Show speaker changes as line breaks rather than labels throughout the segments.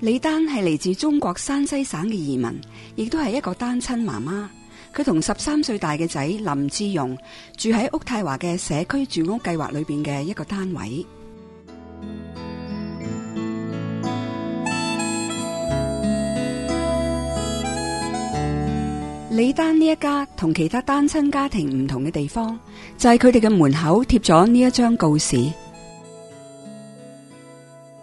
李丹係嚟自中國山西省嘅移民，亦都係一個單親媽媽。佢同十三歲大嘅仔林志勇住喺屋太華嘅社區住屋計劃裏邊嘅一個單位。李丹呢一家同其他單親家庭唔同嘅地方，就係佢哋嘅門口貼咗呢一張告示。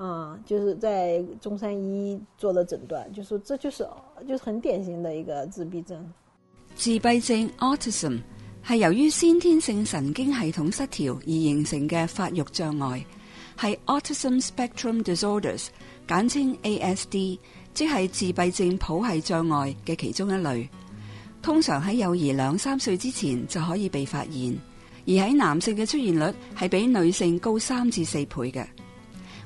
啊、嗯，就是在中山一中山醫做了診斷，就說、是、這就是，就是很典型的一個自閉症。
自閉症 （autism） 係由於先天性神經系統失調而形成嘅發育障礙，係 autism spectrum disorders，簡稱 ASD，即係自閉症譜系障礙嘅其中一類。通常喺幼兒兩三歲之前就可以被發現，而喺男性嘅出現率係比女性高三至四倍嘅。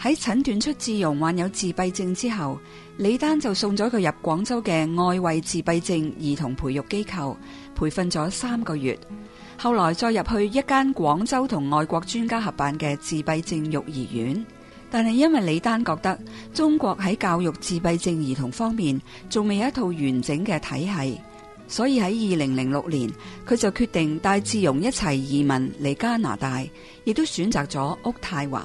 喺診斷出智容患有自閉症之後，李丹就送咗佢入廣州嘅外圍自閉症兒童培育機構培訓咗三個月，後來再入去一間廣州同外國專家合辦嘅自閉症育兒院。但係因為李丹覺得中國喺教育自閉症兒童方面仲未有一套完整嘅體系，所以喺二零零六年，佢就決定帶智容一齊移民嚟加拿大，亦都選擇咗渥太華。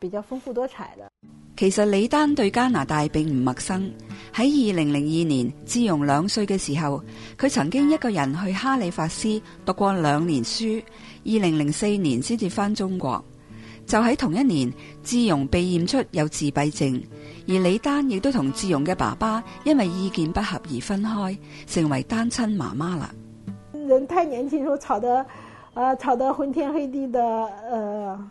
比較豐富多彩的。
其實李丹對加拿大並唔陌生。喺二零零二年，志勇兩歲嘅時候，佢曾經一個人去哈里法斯讀過兩年書。二零零四年先至翻中國。就喺同一年，志勇被驗出有自閉症，而李丹亦都同志勇嘅爸爸因為意見不合而分開，成為單親媽媽啦。
人太年輕時候吵得，啊，吵得昏天黑地的，呃。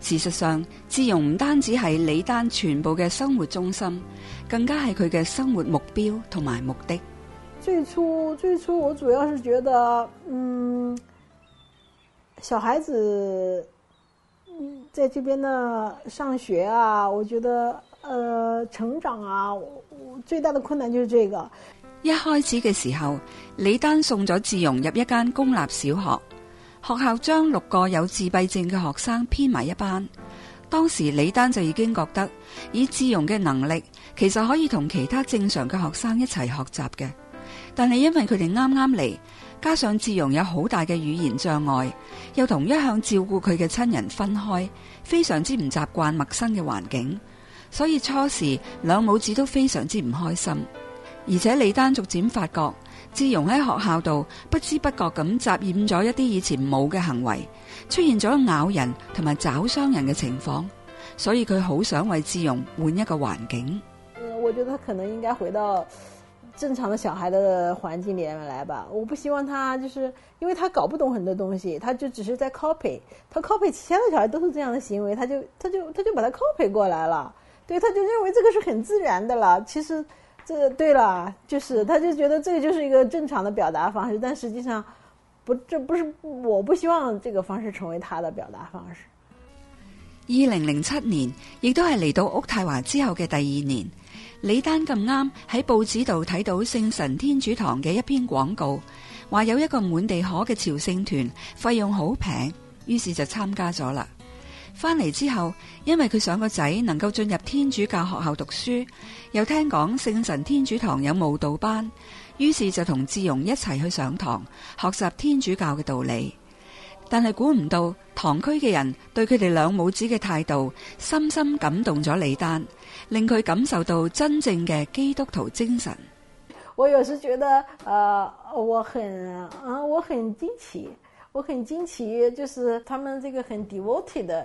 事實上，智勇唔單止係李丹全部嘅生活中心，更加係佢嘅生活目標同埋目的。
最初最初，最初我主要是覺得，嗯，小孩子在這邊呢上學啊，我覺得，呃，成長啊，我最大的困難就是這個。
一開始嘅時候，李丹送咗智勇入一間公立小學。學校將六個有自閉症嘅學生編埋一班。當時李丹就已經覺得，以智榮嘅能力，其實可以同其他正常嘅學生一齊學習嘅。但係因為佢哋啱啱嚟，加上智榮有好大嘅語言障礙，又同一向照顧佢嘅親人分開，非常之唔習慣陌生嘅環境。所以初時兩母子都非常之唔開心。而且李丹逐漸發覺。志勇喺學校度不知不覺咁習染咗一啲以前冇嘅行為，出現咗咬人同埋找傷人嘅情況，所以佢好想為志勇換一個環境。
我覺得佢可能應該回到正常的小孩的環境裏面來吧。我不希望他，就是因為他搞不懂很多東西，他就只是在 copy，他 copy 其他嘅小孩都是這樣的行為，他就他就他就把他 copy 過來了，對，他就認為這個是很自然的了，其實。這對啦，就是，他就覺得這個就是一個正常的表達方式，但實際上，不，這不是，我不希望這個方式成為他的表達方式。
二零零七年，亦都係嚟到渥太華之後嘅第二年，李丹咁啱喺報紙度睇到聖神天主堂嘅一篇廣告，話有一個滿地可嘅朝聖團，費用好平，於是就參加咗啦。翻嚟之後，因為佢想個仔能夠進入天主教學校讀書，又聽講聖神天主堂有慕道班，於是就同志榮一齊去上堂學習天主教嘅道理。但係估唔到，堂區嘅人對佢哋兩母子嘅態度，深深感動咗李丹，令佢感受到真正嘅基督徒精神。
我有時覺得，我很，嗯，我很驚奇，我很驚奇，就是他們這個很 devoted。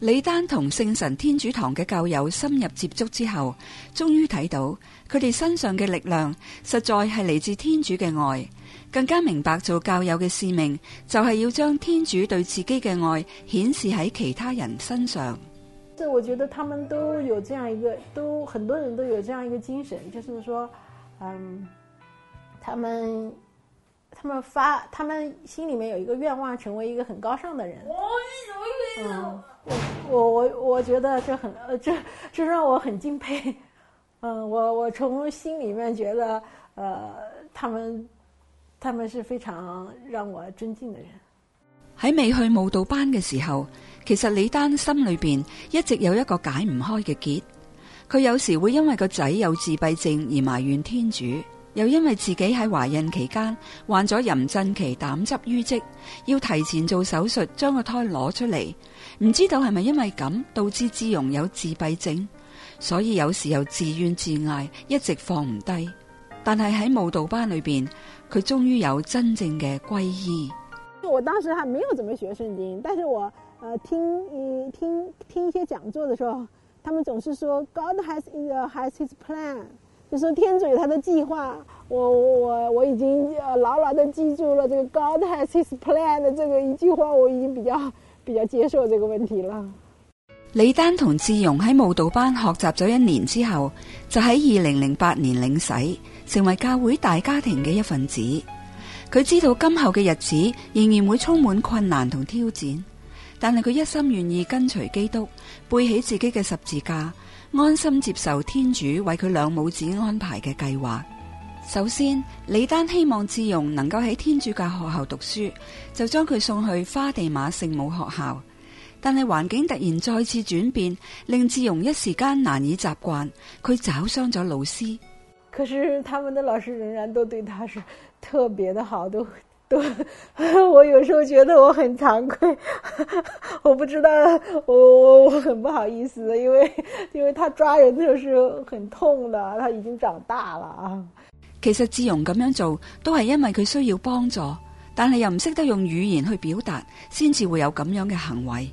李丹同聖神天主堂嘅教友深入接觸之後，終於睇到佢哋身上嘅力量實在係嚟自天主嘅愛，更加明白做教友嘅使命就係要將天主對自己嘅愛顯示喺其他人身上。
這我覺得他們都有這樣一個，都很多人都有這樣一個精神，就是說，嗯，他們。他們發，他們心裏面有一個願望，成為一個很高尚的人。嗯，我我我覺得這很，呃，這這讓我很敬佩。嗯，我我從心裏面覺得，呃，他們他們是非常讓我尊敬的人。
喺未去舞蹈班嘅時候，其實李丹心裏邊一直有一個解唔開嘅結。佢有時會因為個仔有自閉症而埋怨天主。又因為自己喺懷孕期間患咗妊娠期膽汁淤積，要提前做手術將個胎攞出嚟。唔知道係咪因為咁導致志容有自閉症，所以有時又自怨自艾，一直放唔低。但係喺舞蹈班裏邊，佢終於有真正嘅皈依。
我當時還沒有怎麼學聖經，但是我，呃，聽一聽聽一些講座的時候，他們總是說 God has his has his plan。就說天主有他的計劃，我我我已經牢牢地記住了這個 God has his plan 的這個一句話，我已經比較比較接受這個問題啦。
李丹同志榮喺慕道班學習咗一年之後，就喺二零零八年領洗，成為教會大家庭嘅一份子。佢知道今後嘅日子仍然會充滿困難同挑戰，但係佢一心願意跟隨基督，背起自己嘅十字架。安心接受天主為佢兩母子安排嘅計劃。首先，李丹希望志榮能夠喺天主教學校讀書，就將佢送去花地馬聖母學校。但係環境突然再次轉變，令志榮一時間難以習慣，佢抓傷咗老師。
可是他們的老師仍然都對他是特別的好的，都。對，我有時候覺得我很慚愧，我不知道，我我我很不好意思，因為因為他抓人就是很痛的，他已經長大了啊。
其實志榮咁樣做，都係因為佢需要幫助，但係又唔識得用語言去表達，先至會有咁樣嘅行為。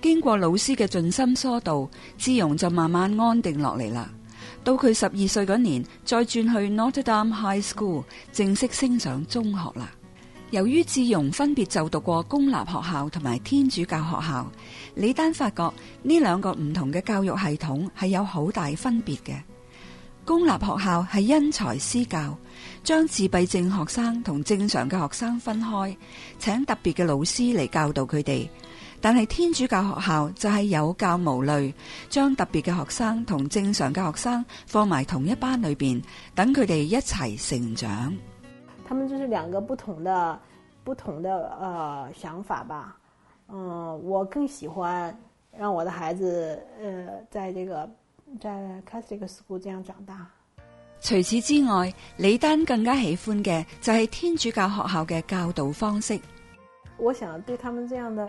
經過老師嘅盡心疏導，志勇就慢慢安定落嚟啦。到佢十二歲嗰年，再轉去 Notre Dame High School 正式升上中學啦。由於志勇分別就讀過公立學校同埋天主教學校，李丹發覺呢兩個唔同嘅教育系統係有好大分別嘅。公立學校係因材施教，將自閉症學生同正常嘅學生分開，請特別嘅老師嚟教導佢哋。但係天主教學校就係有教無類，將特別嘅學生同正常嘅學生放埋同一班裏邊，等佢哋一齊成長。
他們就是兩個不同的，不同的呃想法吧。嗯、呃，我更喜歡讓我的孩子，呃，在這個在 Catholic School 這樣長大。
除此之外，李丹更加喜歡嘅就係天主教學校嘅教導方式。
我想對他們這樣的。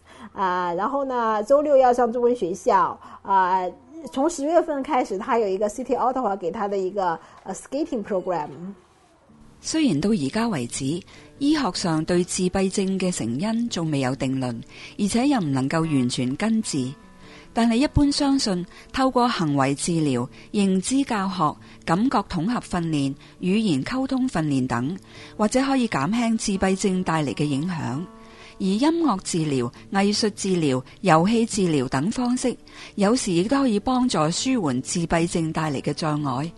啊，然後呢，周六要上中文學校啊！從十月份開始，他有一個 City Ottawa 話給他的一個 skating program。
雖然到而家為止，醫學上對自閉症嘅成因仲未有定論，而且又唔能夠完全根治，但係一般相信透過行為治療、認知教學、感覺統合訓練、語言溝通訓練等，或者可以減輕自閉症帶嚟嘅影響。而音樂治療、藝術治療、遊戲治療等方式，有時亦都可以幫助舒緩自閉症帶嚟嘅障礙。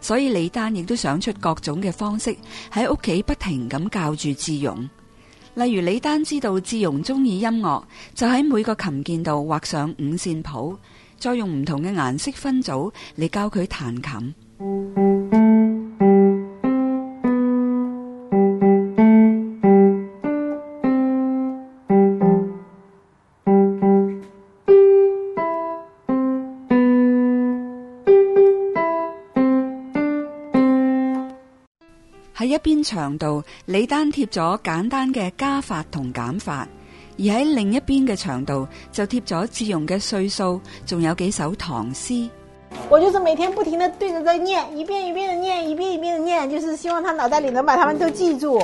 所以李丹亦都想出各種嘅方式喺屋企不停咁教住智勇。例如李丹知道智勇鍾意音樂，就喺每個琴鍵度畫上五線譜，再用唔同嘅顏色分組嚟教佢彈琴。邊牆度李丹貼咗簡單嘅加法同減法，而喺另一邊嘅牆度就貼咗自用嘅歲數，仲有幾首唐詩。
我就是每天不停的對着佢念，一遍一遍的念，一遍一遍的念，就是希望他腦袋裏能把他們都記住。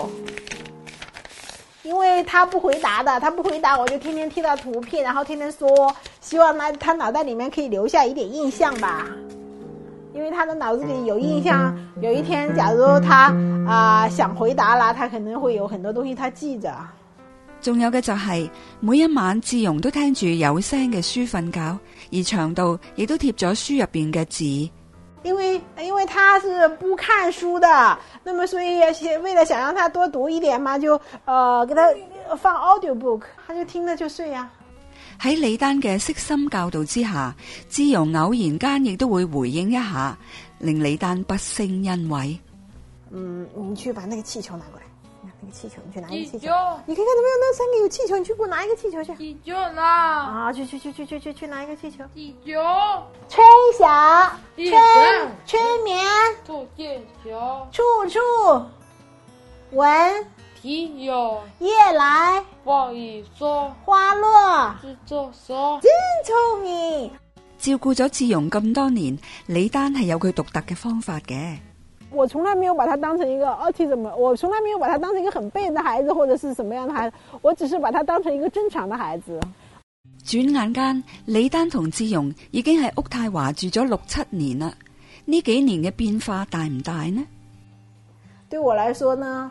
因為他不回答的，他不回答，我就天天貼到圖片，然後天天說，希望他他腦袋裏面可以留下一點印象吧。因為他的腦子裏有印象，有一天，假如他啊、呃、想回答了，他可能會有很多東西他記着。
仲有嘅就係、是、每一晚，志榮都聽住有聲嘅書瞓覺，而牆度亦都貼咗書入邊嘅字。
因為因為他是不看書的，那麼所以為了想讓他多讀一點嘛，就呃給他放 audiobook，他就聽了就睡呀、啊。
喺李丹嘅悉心教導之下，智勇偶然間亦都會回應一下，令李丹不勝欣慰。
嗯，你去把那個氣球拿過來，那、這個氣球，你去拿一個氣球，中你看看有冇有那三個有氣球，你去給我拿一個氣球去。氣球啦，啊，去去去去去去去拿一個氣球。氣球中，春眠，春春眠，
氣球
明，處處聞。吹咿夜來風雨聲，花落知多少。真
聰明。照顧咗智勇咁多年，李丹係有佢獨特嘅方法嘅。
我從來沒有把他當成一個 autism，我從來沒有把他當成一個很笨的孩子，或者是什麼樣的孩子，我只是把他當成一個正常的孩子。
轉眼間，李丹同智勇已經喺屋泰華住咗六七年啦。呢幾年嘅變化大唔大呢？
對我來說呢？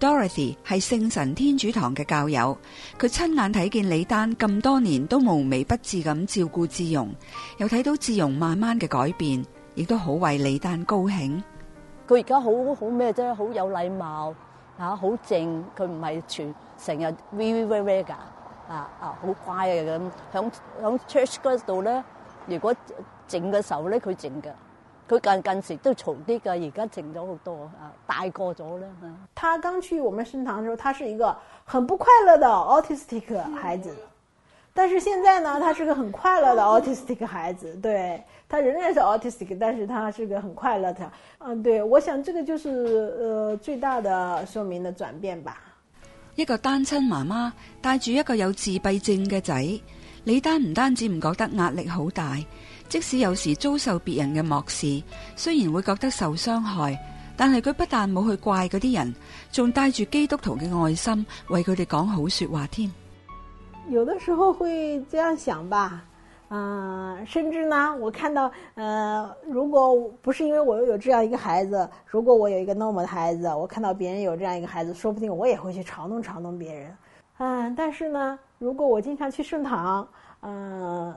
Dorothy 係聖神天主堂嘅教友，佢親眼睇見李丹咁多年都無微不至咁照顧志榮，又睇到志榮慢慢嘅改變，亦都好為李丹高興。
佢而家好好咩啫？好有禮貌吓，好靜。佢唔係全成日 viviviv 噶啊啊，好乖嘅咁。響響 church 嗰度咧，如果靜嘅時候咧，佢靜嘅。
佢近近時都嘈啲㗎，而家靜咗好多啊！大個咗啦。佢剛去我們聖堂嘅時候，他是一個很不快樂的 autistic 孩子，嗯啊、但是現在呢，他是個很快樂的 autistic 孩子。對，他仍然是 autistic，但是他是個很快樂的。嗯，對，我想這個就是，呃，最大的說明的轉變吧。
一個單親媽媽帶住一個有自閉症嘅仔，你單唔單止唔覺得壓力好大。即使有時遭受別人嘅漠視，雖然會覺得受傷害，但係佢不但冇去怪嗰啲人，仲帶住基督徒嘅愛心為佢哋講好說話添。
有的時候會這樣想吧，啊、呃，甚至呢，我看到，呃，如果不是因為我又有這樣一個孩子，如果我有一個 normal 嘅孩子，我看到別人有這樣一個孩子，說不定我也會去嘲弄嘲弄別人。嗯、呃，但是呢，如果我經常去聖堂，嗯、呃。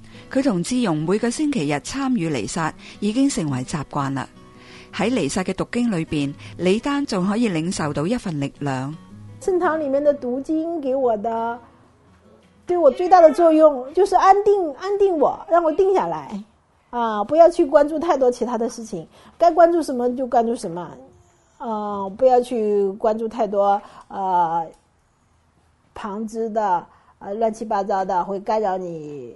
佢同志榮每個星期日參與彌薩已經成為習慣啦。喺彌薩嘅讀經裏邊，李丹仲可以領受到一份力量。聖
堂裏面的讀經給我的，對我最大的作用就是安定安定我，讓我定下來啊！不要去關注太多其他的事情，該關注什麼就關注什麼啊！不要去關注太多啊旁支的啊亂七八糟的會干擾你。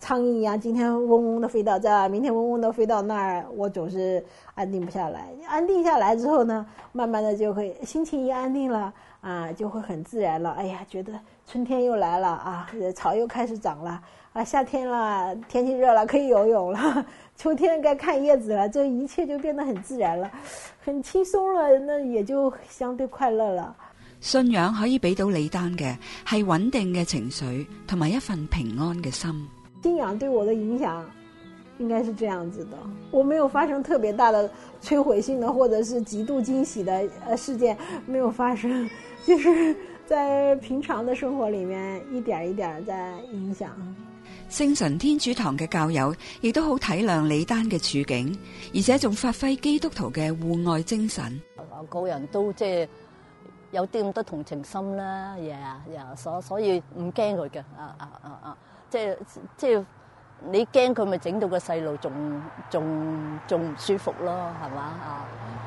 蒼蠅一樣，今天嗡嗡的飛到這兒，明天嗡嗡的飛到那兒，我總是安定不下來。安定下來之後呢，慢慢的就會心情一安定了啊，就會很自然了。哎呀，覺得春天又來了啊，草又開始長了啊，夏天了，天氣熱了，可以游泳了。秋天該看葉子了，這一切就變得很自然了，很輕鬆了，那也就相對快樂了。
信仰可以俾到李丹嘅，係穩定嘅情緒同埋一份平安嘅心。
信仰對我的影響，應該是這樣子的。我沒有發生特別大的摧毀性的，或者是極度驚喜的呃事件，沒有發生，就是在平常的生活裡面一點一點在影響。
聖神天主堂嘅教友亦都好體諒李丹嘅處境，而且仲發揮基督徒嘅戶外精神。
我個人都即係有啲咁多同情心啦，嘢啊，所所以唔驚佢嘅啊啊啊啊，即係即係你驚佢咪整到個細路仲仲仲唔舒服咯，係嘛？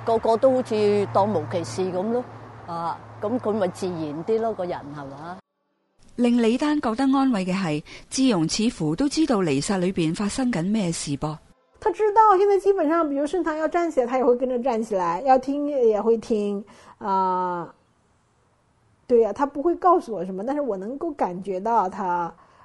個個都好似當無其事咁咯，啊，咁佢咪自然啲咯，個人係嘛？
令李丹覺得安慰嘅係，志榮似乎都知道彌撒裏邊發生緊咩事噃。
他知道，現在基本上，比如聖堂要站起來，他也會跟着站起來；要聽也會聽。啊、呃，對呀、啊，他不會告訴我什麼，但是我能夠感覺到他。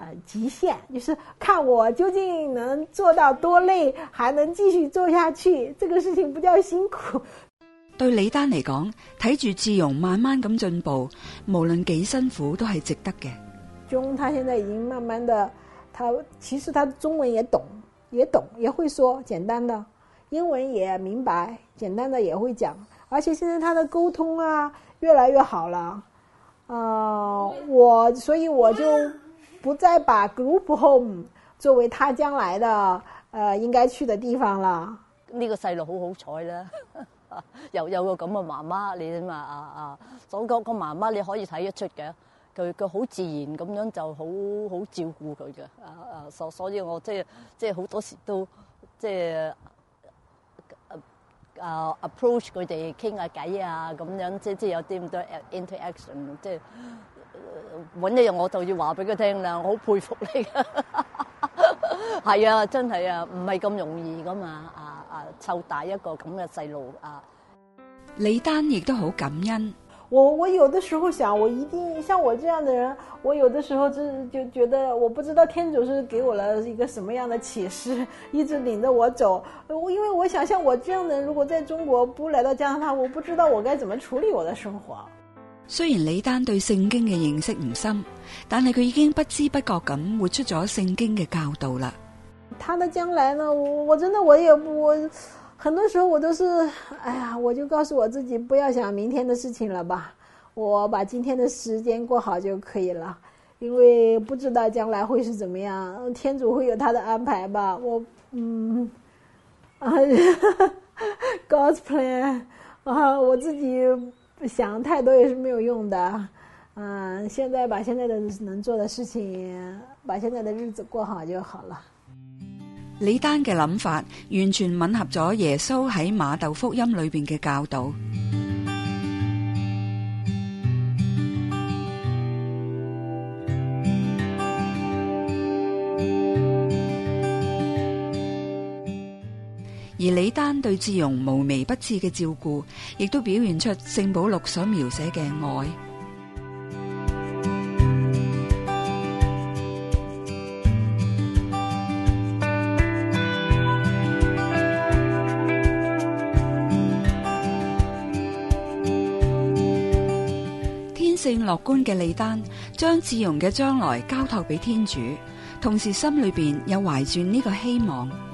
呃，極限就是看我究竟能做到多累，還能繼續做下去，這個事情不叫辛苦。
對李丹來講，睇住志榮慢慢咁進步，無論幾辛苦都係值得嘅。
中，他現在已經慢慢的，他其實他中文也懂，也懂，也會說簡單的英文也明白，簡單的也會講，而且現在他的溝通啊越來越好了。啊、呃，我所以我就。啊不再把 group home 作為他將來的，誒、呃、應該去的地方啦。
呢個細路好好彩啦，又、啊、有，有個咁嘅媽媽，你知嘛？啊啊，所講個媽媽你可以睇得出嘅，佢佢好自然咁樣就好好照顧佢嘅。啊啊，所所以我即係即係好多時都即係啊 approach 佢哋傾下偈啊，咁、啊啊、樣即係即係有啲咁多 interaction 即係。搵一日我就要話俾佢聽啦，我好佩服你㗎，係 啊，真係啊，唔係咁容易噶嘛，啊啊，湊大一個咁嘅細路啊，
李丹亦都好感恩。我我有的時候想，我一定像
我這樣的人，我有的時候就就覺得，我不知道天主是給我了一個什麼樣的啟示，一直領着我走。我因為我想，像我這樣的人，如果在中國不來到加拿大，我不知道我該怎麼處理我的生活。
雖然李丹對聖經嘅認識唔深，但係佢已經不知不覺咁活出咗聖經嘅教導啦。
他的將來呢？我我真的我也我，很多時候我都是，哎呀，我就告訴我自己不要想明天的事情了吧，我把今天的時間過好就可以了，因為不知道將來會是怎麼樣，天主會有他的安排吧。我嗯，啊，哎呀，God's plan 啊，我自己。想太多也是沒有用的，嗯，現在把現在的能做的事情，把現在的日子過好就好了。
李丹嘅諗法完全吻合咗耶穌喺馬竇福音裏邊嘅教導。而李丹對志榮無微不至嘅照顧，亦都表現出聖保祿所描寫嘅愛。天性樂觀嘅李丹，將志榮嘅將來交託俾天主，同時心裏面又懷住呢個希望。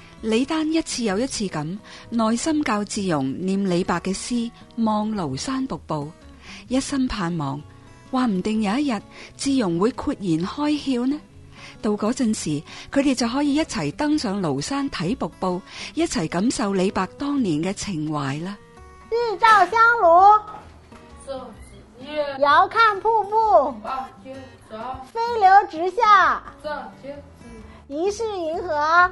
李丹一次又一次咁耐心教智勇念李白嘅詩，望廬山瀑布，一心盼望，話唔定有一日智勇會豁然開竅呢。到嗰陣時，佢哋就可以一齊登上廬山睇瀑布，一齊感受李白當年嘅情懷啦。
日照香爐照照遙看瀑布飛照流直下，疑是銀河。疑是銀河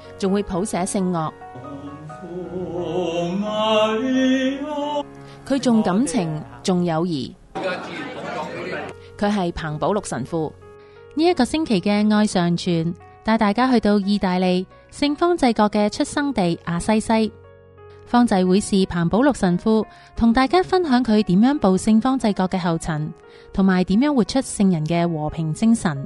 仲會譜寫聖樂，佢重感情，重友誼。佢係彭保祿神父。呢一個星期嘅愛上傳，帶大家去到意大利聖方濟各嘅出生地阿西西。方濟會士彭保祿神父同大家分享佢點樣步聖方濟各嘅後塵，同埋點樣活出聖人嘅和平精神。